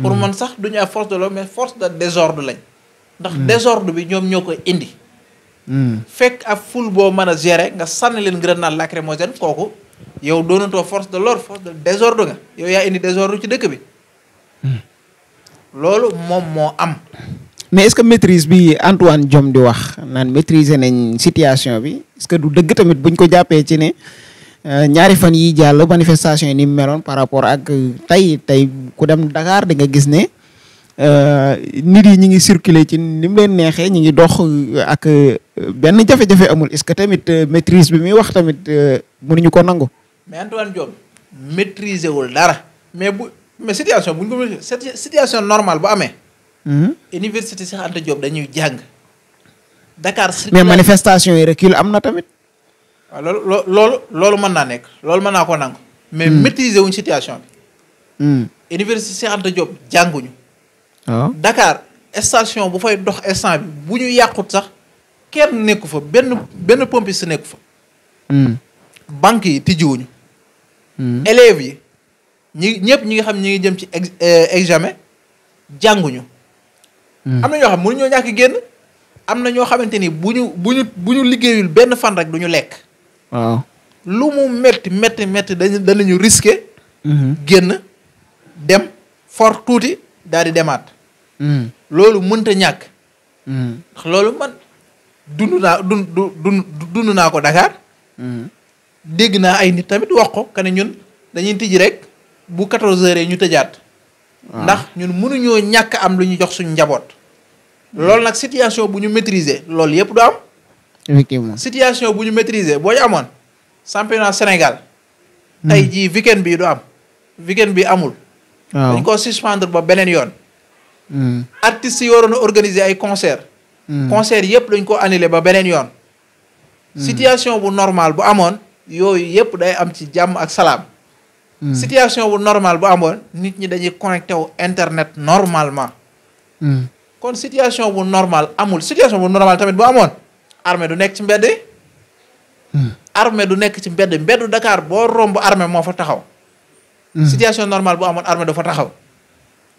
pour hmm. man sax du ñu ay force de l'ordre mais force de désordre lañ. ndax hmm. désordre bi ñoom ñoo koy indi. Hmm. fekk ab ful boo mën a gérer nga sànni leen naan grenade lacrymogène kooku yow doonatoo force de l'ordre force de désorde nga yow yaa indi désordre ci dëkk bi. loolu moom moo am. mais est-ce que maîtrise bi Antoine jom di wax naan maîtriser nañ situation bi est que du dëgg tamit buñ ko jàppee ci ne euh, ñaari fan yi jàll manifestation yi ni mu meloon par rapport ak tey tey ku dem Dakar di nga gis ne euh, nit yi ñi ngi circuler ci ni mu leen neexee ñi ngi dox euh, ak euh, benn jafe-jafe amul est-ce que tamit maîtrise bi muy wax tamit mënuñu ko nangu. mais Antoine Diome maîtriser wul dara mais bu mais situation bu ñu ko cette situation normal boo amee. Hmm? université Cheikh Anta Diop dañuy jàng. Dakar mais manifestation yi recul am na tamit. Ah, loolu loolu loolu mën naa nekk loolu mën naa ko nangu. mais hmm. maîtriser wuñ situation bi. Hmm. université Cheikh Anta jànguñu. dakaar ah. Dakar station bu fay dox instant bi bu ñu yàqut sax kenn nekku fa benn benn pompiste nekku fa. Hmm. banque yi tijjiwuñu. Hmm. élèves yi ñi ñëpp ñi nga xam ñi ngi jëm ci ex eh, examen jànguñu. Hmm. am na ñoo xam ñoo ñàkk génn am na ñoo xamante ni bu ñu bu ñu bu ñu liggéeyul benn fan rek du ñu lekk. waaw lu mu métti métti métti dañu danañu risqué. génn. dem fort tuuti daal di demaat. Hmm. loolu mënta ñàkk. Hmm. ndax loolu man dund naa dund dund dund naa ko Dakar. Hmm. dégg naa ay nit tamit wax ko que ñun dañuy tijji rek bu 14h ñu tëjaat. Ah. ndax ñun mënuñoo ñàkk am lu ñu jox suñu njaboot. loolu nag situation bu ñu maîtriser loolu yëpp du am. effectivement situation bu ñu maîtriser boo amoon championnat Sénégal. tey ji weekend bii du am weekend bi amul. dañ koo suspendre ba beneen yoon hmm. artistes yi waroon organiser ay concert hmm. concert yëpp dañ ko annulé ba beneen yoon hmm. situation bu normal bu amoon yooyu yëpp day am ci jàmm ak salaam situation bu normal bu amoon nit ñi dañuy connecté wu internet normalement kon situation bu normal amul situation bu normal tamit bu amoon armée du nekk ci mbedd armée du nekk ci mbedd mbeddu dakaar boo romb armée moo fa taxaw Mm-hmm. situation normale bu amoon armée dafa taxaw.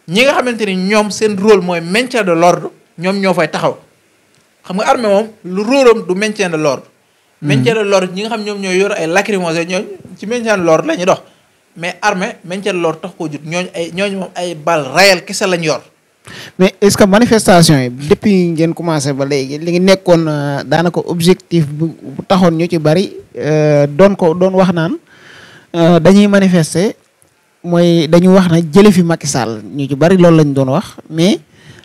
ñi nga xamante ni ñoom seen rôle mooy maintien de l'ordre ñoom ñoo fay taxaw xam nga armée moom lu du maintien de l'ordre mm-hmm. maintien de l'ordre ñi nga xam ñoom ñooy yor ay lacrymogène ñooñ ci maintien de l'ordre la dox mais armée maintien de tax ko jut ñooñu ay ñooñu moom ay balles réelles kese lañ yor mais est-ce que manifestation yi depuis ngeen commencé ba léegi li ngi nekkoon euh, daanaka objectif bu taxoon ñu ci bari euh, doon ko doon wax naan euh, dañuy manifeste mooy dañu wax na jële fi Macky Sall ñu ci bari loolu lañ doon wax mais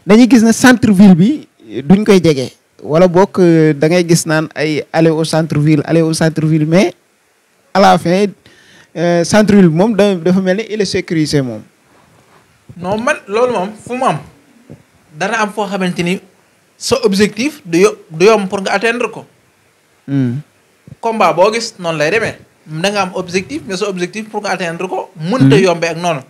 dañuy gis ne centre ville bi duñ koy jege wala book euh, da ngay gis naan ay aller au centre ville aller au centre ville mais à la fin euh, centre ville bi moom dafa mel ni il est moom. non man loolu moom fu mu am dana am foo xamante ni soo objectif du yomb du pour nga atteindre ko. Hmm. combat boo gis noonu lay demee. da nga am objectif mais sa objectif pour nga atteindre ko. mënta hmm. yombee ak noonu.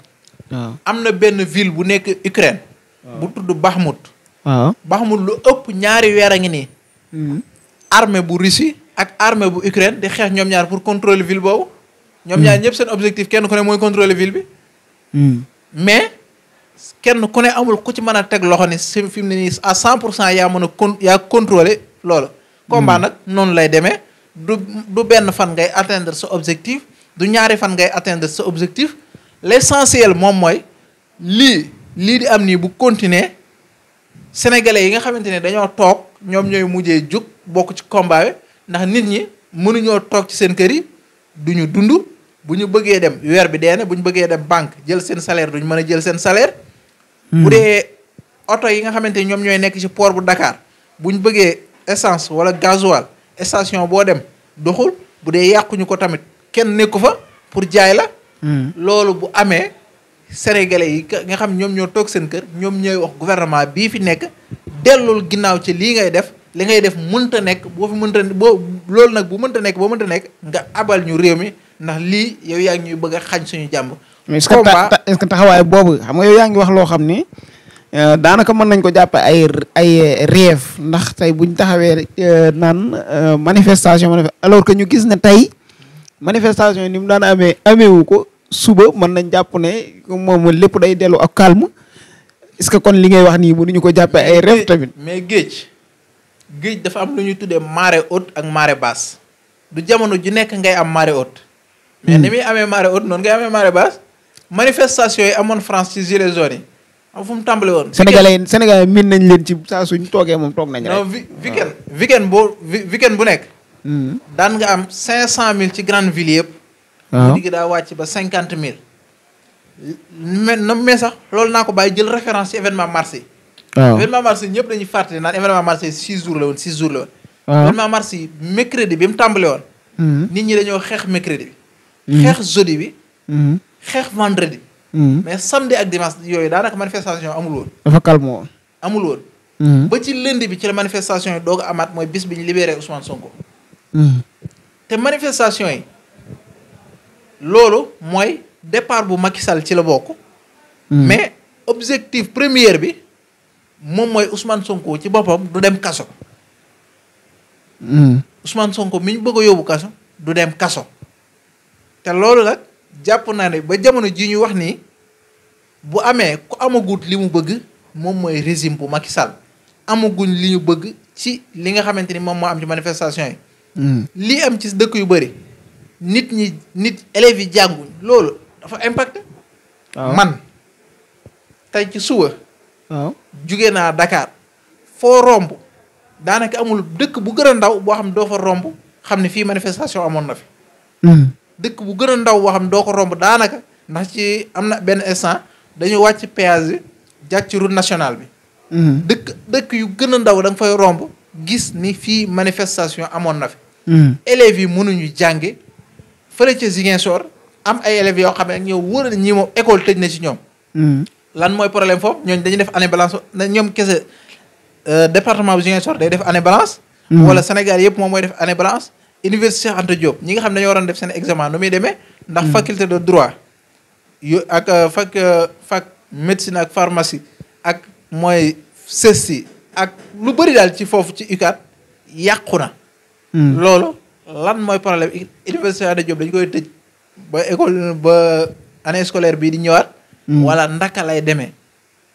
am na benn ville bu nekk Ukraine. bu tudd Bakhmut. waaw Bakhmut lu ëpp ñaari weer a ngi nii. Hmm. armée bu Russie ak armee bu Ukraine di xeex ñoom ñaar pour contrôler ville boobu. ñoom ñaar hmm. ñëpp seen objectif kenn ku ne mooy contrôler ville bi. mais kenn ku ne amul ku ci mën a teg loxo ni si fi mu ne nii à 100 cent yaa mën a con yaa contrôler loolu. combat nag noonu lay demee. du benn fan ngay atteindre sa objectif du ñaari fan ngay atteindre sa objectif l'essentiel moom mooy lii lii di am nii bu continuer sénégalais yi nga xamante ne dañoo toog ñoom ñooy mujjee jug bokk ci combat ndax nit ñi mënuñoo toog ci seen kër yi duñu dund bu ñu bëggee dem weer bi dee na bu ñu bëggee dem banque jël seen salaire duñu mën a jël seen salaire. Hmm. bu dee oto yi nga xamante ne ñoom ñooy nekk ci poor bu dakaar bu ñu bëggee essence wala gasoil station boo dem doxul bu dee yàquñu ko tamit kenn nekku fa pour jaay la. Hmm. loolu bu amee sénégalais yi nga xam ñoom ñoo toog seen kër ñoom ñooy wax gouvernement bii fi nekk dellul ginnaaw ci lii ngay def li ngay def mënta nekk boo fi mënta boo loolu nag bu mënta nekk boo mënta nekk nga abal ñu réew mi ndax lii yow yaa ngi ñuy bëgg a xañ suñu jàmb. mais est-ce que taxawaay boobu xam nga yow yaa ngi wax loo xam nii Euh, daanaka mën nañ ko jàppe ay ay rêve ndax tey buñ taxawee euh, naan euh, manifestation alors que ñu gis ne tey manifestation yi ni mu daan amee ameewu ko suba mën nañ jàpp ne moom lépp day dellu ak calme est que kon li ngay wax nii ñu ko jàppee ay rêve tamit mais géej géej dafa am lu ñuy tuddee marée haute ak marée basse du jamono ju nekk ngay am marée haute mais hmm. ni amee marée haute noonu ngay amee marée basse manifestation yi amoon France ci gilets jaunes yi am fu mu tàmbale woon. Sénégalais yi Sénégalais miin nañ leen ci saa suñ toogee moom toog nañ rek. non vi weekend weekend boo weekend bu nekk. Hmm. daan nga am cinq cent mille ci grande ville yëpp. waaw ah. bu digg daa wàcc ba cinquante mille. mais na mais sax loolu naa ko bàyyi jël référence ci événement mars yi. waaw événement mars yi fàttali naan événement mars yi six jours la woon six jours la woon. waaw ah. événement mars yi mercredi bi mu tàmbale woon. Hmm. nit ñi dañoo xeex mercredi bi. Hmm. xeex jeudi bi. xeex vendredi Mm-hmm. mais samedi ak dimanche yooyu daanaka manifestation amul woon. dafa mm-hmm. ba ci lundi bi ci la manifestation yi doog amaat mooy bis bi ñu libéré Ousmane Sonko. Mm-hmm. te manifestation yi loolu mooy départ bu Macky Sall ci la bokk. mais objectif première bi moom mooy usman Sonko ci boppam du dem kaso. Ousmane Sonko mi ñu bëgg a yóbbu kaso du dem kaso. te loolu nag jàpp naa ne ba jamono ji ñuy wax nii bu amee ku amagut li mu bëgg moom mooy régime bu Macky Sall amaguñ li ñu bëgg ci li nga xamante ni moom moo am ci manifestation yi. Hmm. li am ci dëkk yu bëri nit ñi nit élèves yi jànguñ loolu dafa impacté. man tey ci suba. waaw jugee naa Dakar foo romb daanaka amul dëkk bu gën a ndaw boo xam ne doo fa romb xam ne fii manifestation amoon na fi. Hmm. dëkk bu gën a ndaw boo xam ne doo ko romb daanaka ndax ci am na benn instant. dañu wàcc péage bi jàcc route nationale bi. Mhm. dëkk dëkk yu gën a ndaw da nga fay romb gis ni fii manifestation amoon na fi. Mhm. élèves yi mënuñu jànge fële ca Ziguinchor am ay élèves oo xam ne ñoo wóor ñi école tëj ñoom. Mhm. lan mooy problème foofu ñooñu dañuy def année balance ñoom kese euh, département bu Ziguinchor day def année balance. wala Sénégal yëpp moom mooy def année balance. université Anta Diop ñi nga xam ne dañoo waroon def seen examen nu muy deme ndax faculté de droit. yu ak euh, fak euh, fac médecine ak pharmacie ak mooy sësi ak lu bëri daal ci foofu ci UCAD yàqu na. Hmm. loolu lan mooy problème université Cheikh Anta Diop dañu koy tëj ba école ba année scolaire bii di ñëwaat. Hmm. wala ndaka lay demee.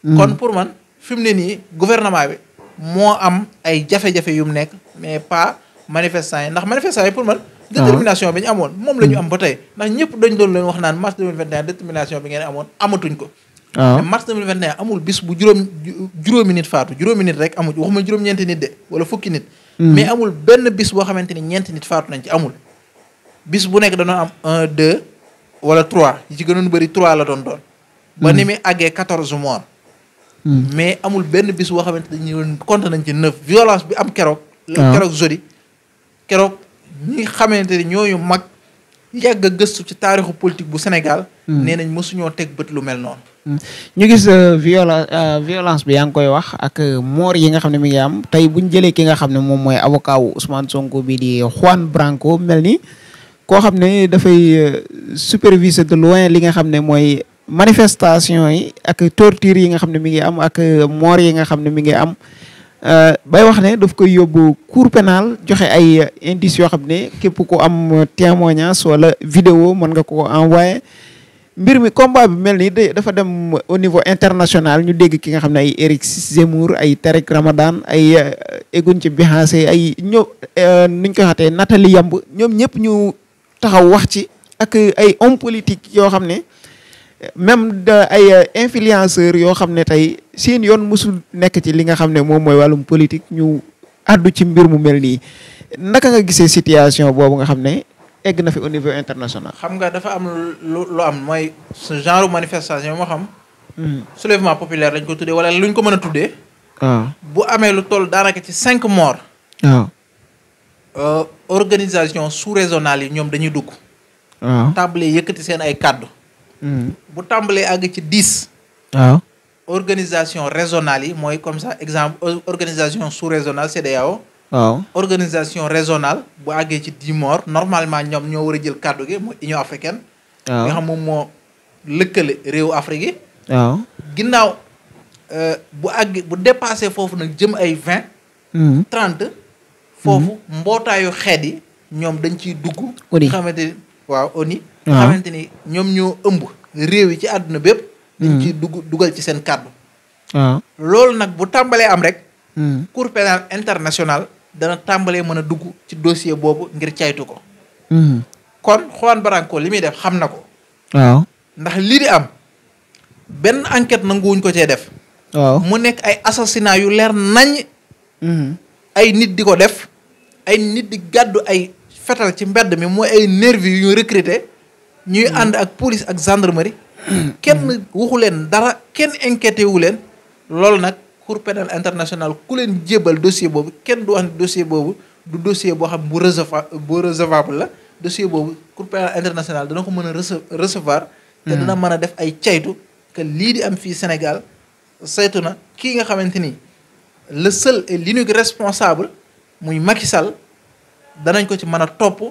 Hmm. kon pour man fi mu ne nii gouvernement bi moo am ay jafe-jafe yu mu nekk mais pas manifestant yi ndax manifestant yi pour man. détermination bi ñu amoon moom la ñu am hmm. ba tey ndax ñëpp dañ doon leen wax naan mars 2021 détermination bi ngeen amoon amatuñ ko waaw ah. mars 2021 amul bis bu juróom juróomi nit faatu juróomi nit rek amu ci waxuma juróom-ñeenti nit wala fukki nit hmm. mais amul benn bis boo xamante ni ñeenti nit faatu nañ ci amul bis bu nekk danoon am un deux wala trois yi ci gënoon bëri trois la doon doon ba hmm. ni muy àggee quatorze morts mais amul benn bis boo xamante dañu compte nañ ci neuf violence bi am keroog ah. keroog jeudi keroog ñi xamante ni ñooyu mag yàgg gëstu ci taarixu politique bu Sénégal. Hmm. nee nañ mësuñoo teg bët lu mel noonu. Hmm. ñu gis euh, violence euh, violence bi yaa ngi koy wax ak euh, moor yi nga xam ne mi ngi am tey bu ñu jëlee ki nga xam ne moom mooy avocat wu Ousmane Sonko bi di Juan Branco mel nii koo xam ne dafay superviser de loin li nga xam ne mooy manifestation yi ak torture yi nga xam ne mi ngi am ak moor yi nga xam ne mi ngi am. Euh, bay wax ne daf koy yóbbu cour pénal joxe ay euh, indices yoo xam ne képp ku am euh, témoignage wala vidéo mën nga ko envoyé mbir mi combat bi mel ni dafa dem au niveau international ñu dégg ki nga xam ne ay Éric Zemmour ay Tarek Ramadan ay Egon Chebbiasé ay ñoom nuñ koy xatee Nathalie Yamb ñoom ñëpp ñu taxaw wax ci ak ay homme politique yoo xam ne même da ay euh, influenceurs yoo xam ne tey seen yoon mosul nekk ci li nga xam ne moom mooy wàllum politique ñu àddu ci mbir mu mel nii naka nga gisee situation boobu nga xam ne egg na fi au niveau international. xam nga dafa am lu lu am mooy ce genre manifestation moo xam. Hmm. soulèvement populaire lañ ko tuddee wala luñ ko mën a tuddee. Ah. bu amee lu toll daanaka ci cinq morts. waaw ah. euh, organisation sous-régionale yi ñoom dañuy dugg. waaw ah. table yëkkati seen ay kàddu. bu tàmbalee àgg ci dix. organisation régionale yi mooy comme ça exemple organisation sous régionale CEDEAO waaw organisation régionale bu àggee ci dix normalement ñoom ñoo war a jël kàddu gi mooy Union africaine. nga xam moom moo lëkkale réew Afrique yi. waaw ginnaaw euh, bu àgg bu dépassé foofu nag jëm ay vingt. Hmm. trente. foofu hmm. mbootaayu xeet yi ñoom dañ ciy dugg. xamante waaw ONU Ah. xamante ni ñoom ñoo ëmb réew yi ci àdduna bépp dañ hmm. ci dugg dugal ci seen kàddu ah. loolu nag bu tàmbalee am rek hmm. cour pénal international dana tàmbalee mën a dugg ci dossier boobu ngir caytu ko hmm. kon Juan Branco li muy def xam na ko ndax lii di am benn enquête nanguwuñ ko cee def mu nekk ay assassinat yu leer nañ ay nit di ko def ay nit di gàddu ay fetal ci mbedd mi mooy ay nervi yu ñu recruter ñuy mm. ànd ak police ak gendarmerie. kenn waxu leen dara kenn inquiété wu leen loolu nag cour pénale internationale ku leen jébal dossier boobu kenn du wax ne dossier boobu du dossier boo xam bu receva bu recevable la dossier boobu cour pénale internationale dana ko mën a rece recevoir. te dana mm. mën a def ay caytu que lii di am fii Sénégal saytu na kii nga xamante ni le seul et l'unique responsable muy Macky Sall danañ ko ci mën a topp.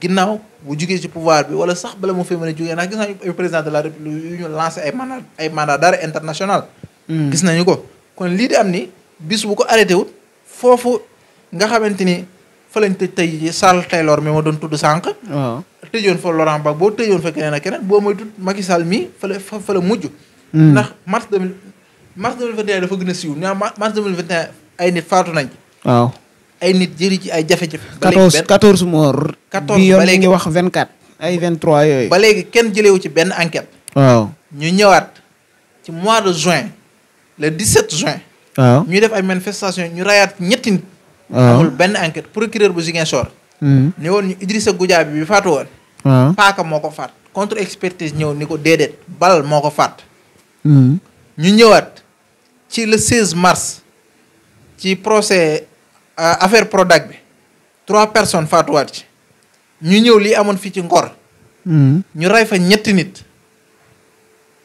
ginnaaw bu jógee ci pouvoir bi wala sax bala moo fay mën a jugee ndax gis nañu président de la république yu ñu lancé ay mandat ay mandat d'arrêt international hmm. gis nañu ko kon lii de am ni bis bu ko arrêté wut foofu nga xamante ni fa lañ tëj tey ji Sall Taylor mi ma doon tudd sànq tëjoon fa Laurent Gbagbo boo tëjoon fa keneen ak keneen boo mooy tudd Macky Sall mii fa la fa la mujj hmm. ndax mars 2000 mars 2021 dafa gën a siiw ñu mars 2021 ay nit faatu nañ waaw ay nit jëri ci ay jafe-jafe. ba léegi benn 14 14 morts. 14 ba léegi ay 23 yooyu. ba léegi kenn jëleewu ci benn enquête. ñu ñëwaat ci mois de juin le 17 juin. waaw ñuy def ay manifestation ñu reyaat ñetti nit. waaw benn enquête procureur bu Ziguinchor. Hmm. ne woon ñu Idrissa Goudiaby bi faatu woon. waaw paaka moo ko faat contre expertise ñëw ni ko déedéet bal moo ko faat. Hmm. ñu ñëwaat ci le 16 mars ci procès. Euh, affaire Prodac bi trois personnes faatuwaat ci ñu ñëw lii amoon fii ci Ngor. Hmm. ñu rey fa ñetti nit.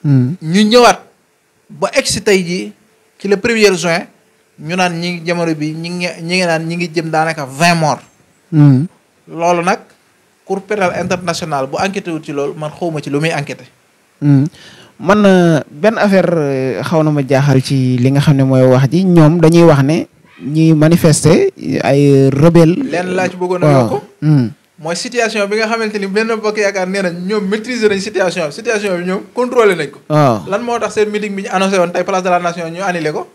Hmm. ñu ñëwaat ba egsi tey jii ci le premier juin ñu naan ñi jamono bi ñi ngi ñi ngi naan ñi ngi jëm daanaka vingt morts. Hmm. loolu nag cour pénale internationale bu enquêté wul ci loolu man xawma ci lu muy enquêté. man euh, benn affaire euh, xaw na ma jaaxal ci li nga xam ne mooy wax ji ñoom dañuy wax ne. ñuy manifester ay rebelle leen laa ci bëggoon a yokk hmm. mooy situation bi nga xamante ni benn bokk yaakaar nee na ñoom maîtriser nañ situation bi situation bi ñoom contrôler nañ ko lan moo tax seen meeting bi ñu annoncé woon tey place de la nation ñu annulé ko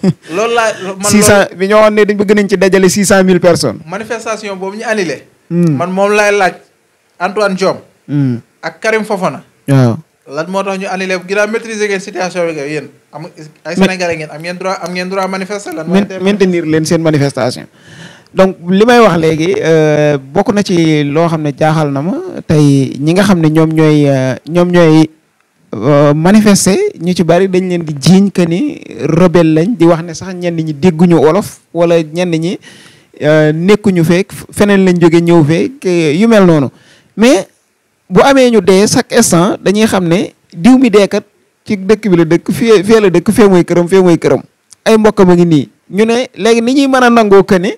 loolu laa man six cent bi ñoo wax ne dañ bëgg nañ ci dajale six cent mille personnes manifestation boobu ñu annulé hmm. man moom laay laaj Antoine Diome hmm. ak Karim Fofana waaw lan moo tax ñu annulé ginnaaw maîtriser ngeen situation bi yéen am ay sénégalais ngeen am ngeen droit am ngeen droit manifester lan maintenir leen donc li may wax léegi euh, bokk na ci loo xam ne jaaxal na ma tey ñi nga xam ne ñoom ñooy euh, ñoom ñooy euh, manifester ñu ci bari dañ leen di jiiñ que ni rebelle lañ di wax ne sax ñenn ñi dégguñu olof wala ñenn ñi nekkuñu feek feneen lañ jóge ñëw feek yu noonu mais bu amee ñu dee chaque instant dañuy xam ne diw mi deekat ci dëkk bi la dëkk fee fee la dëkk fee mooy këram fee mooy këram ay mbokk a ngi nii ñu ne léegi ni ñuy mën a nangoo que ne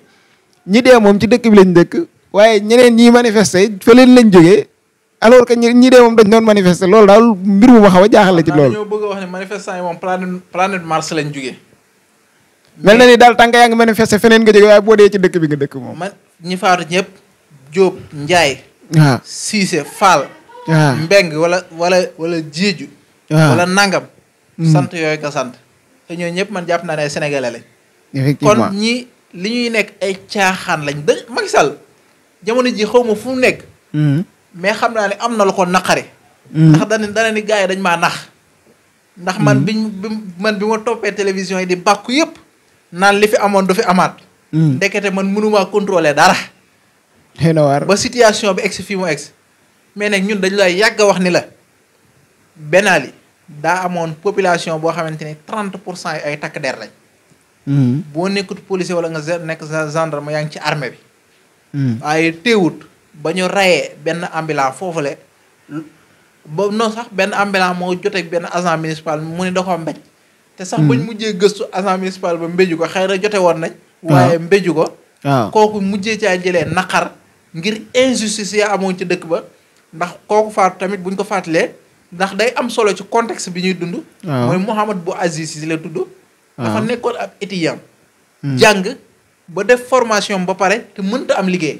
ñi dee moom ci dëkk bi lañ dëkk waaye ñeneen ñiy manifester fa leen lañ jógee alors que ñi dee moom dañ doon manifester lool daal mbir mu ma xaw a jaaxal la ci lool ñoo wax ne manifestant yi moom planète planète Mars lañ jógee. mel na ni daal tànk yaa ngi manifester feneen nga jógee waaye boo dee ci dëkk bi nga dëkk moom. man ñi faatu ñëpp Diop Ndiaye. waaw Cissé Fall. waaw Mbeng wala wala wala Jéeju. wala Nangam. Hmm. sant yooyu nga sant. te ñooñu ñëpp man jàpp naa ne Sénégalais lañ. effectivement kon ñi li ñuy nekk ay caaxaan lañ da Macky Sall jamono ji xaw ma fu mu nekk. Hmm. mais xam naa ne am na lu ko naqari. Hmm. ndax dana dana ni gars yi dañ ma nax. ndax man biñ bi man bi ma toppee télévision yi di bàkku yëpp. naan li fi amoon du fi amaat. ndekete man mënumaa contrôler dara. xëy na ba situation bi egg si fii mu egg mais nag ñun dañu lay yàgg wax ni la Ben Ali daa amoon population boo xamante ni 30 pour cent yi ay takk der lañ. Hmm. boo nekkut policier wala nga nekk gendarme yaa ngi ci armée bi. Hmm. waaye teewut ba ñu rayee benn foofu le ba non sax benn ambulant moo jote benn agent municipal mu ne da ko te sax bañ hmm. mujjee gëstu agent municipal ba mbéju ko xëy na jote woon nañ. waaye mbéju ko. kooku mujjee caa jëlee naqar. ngir injustice yaa amoon ci dëkk ba ndax kooku faatu tamit buñ ko faatalee ndax day am solo ci contexte bi ñuy dund. Ah. mooy Mouhamad bu Aziz si la tudd. dafa ah. nekkoon ab étudiant. Hmm. jàng ba def formation ba pare te mënta am liggéey.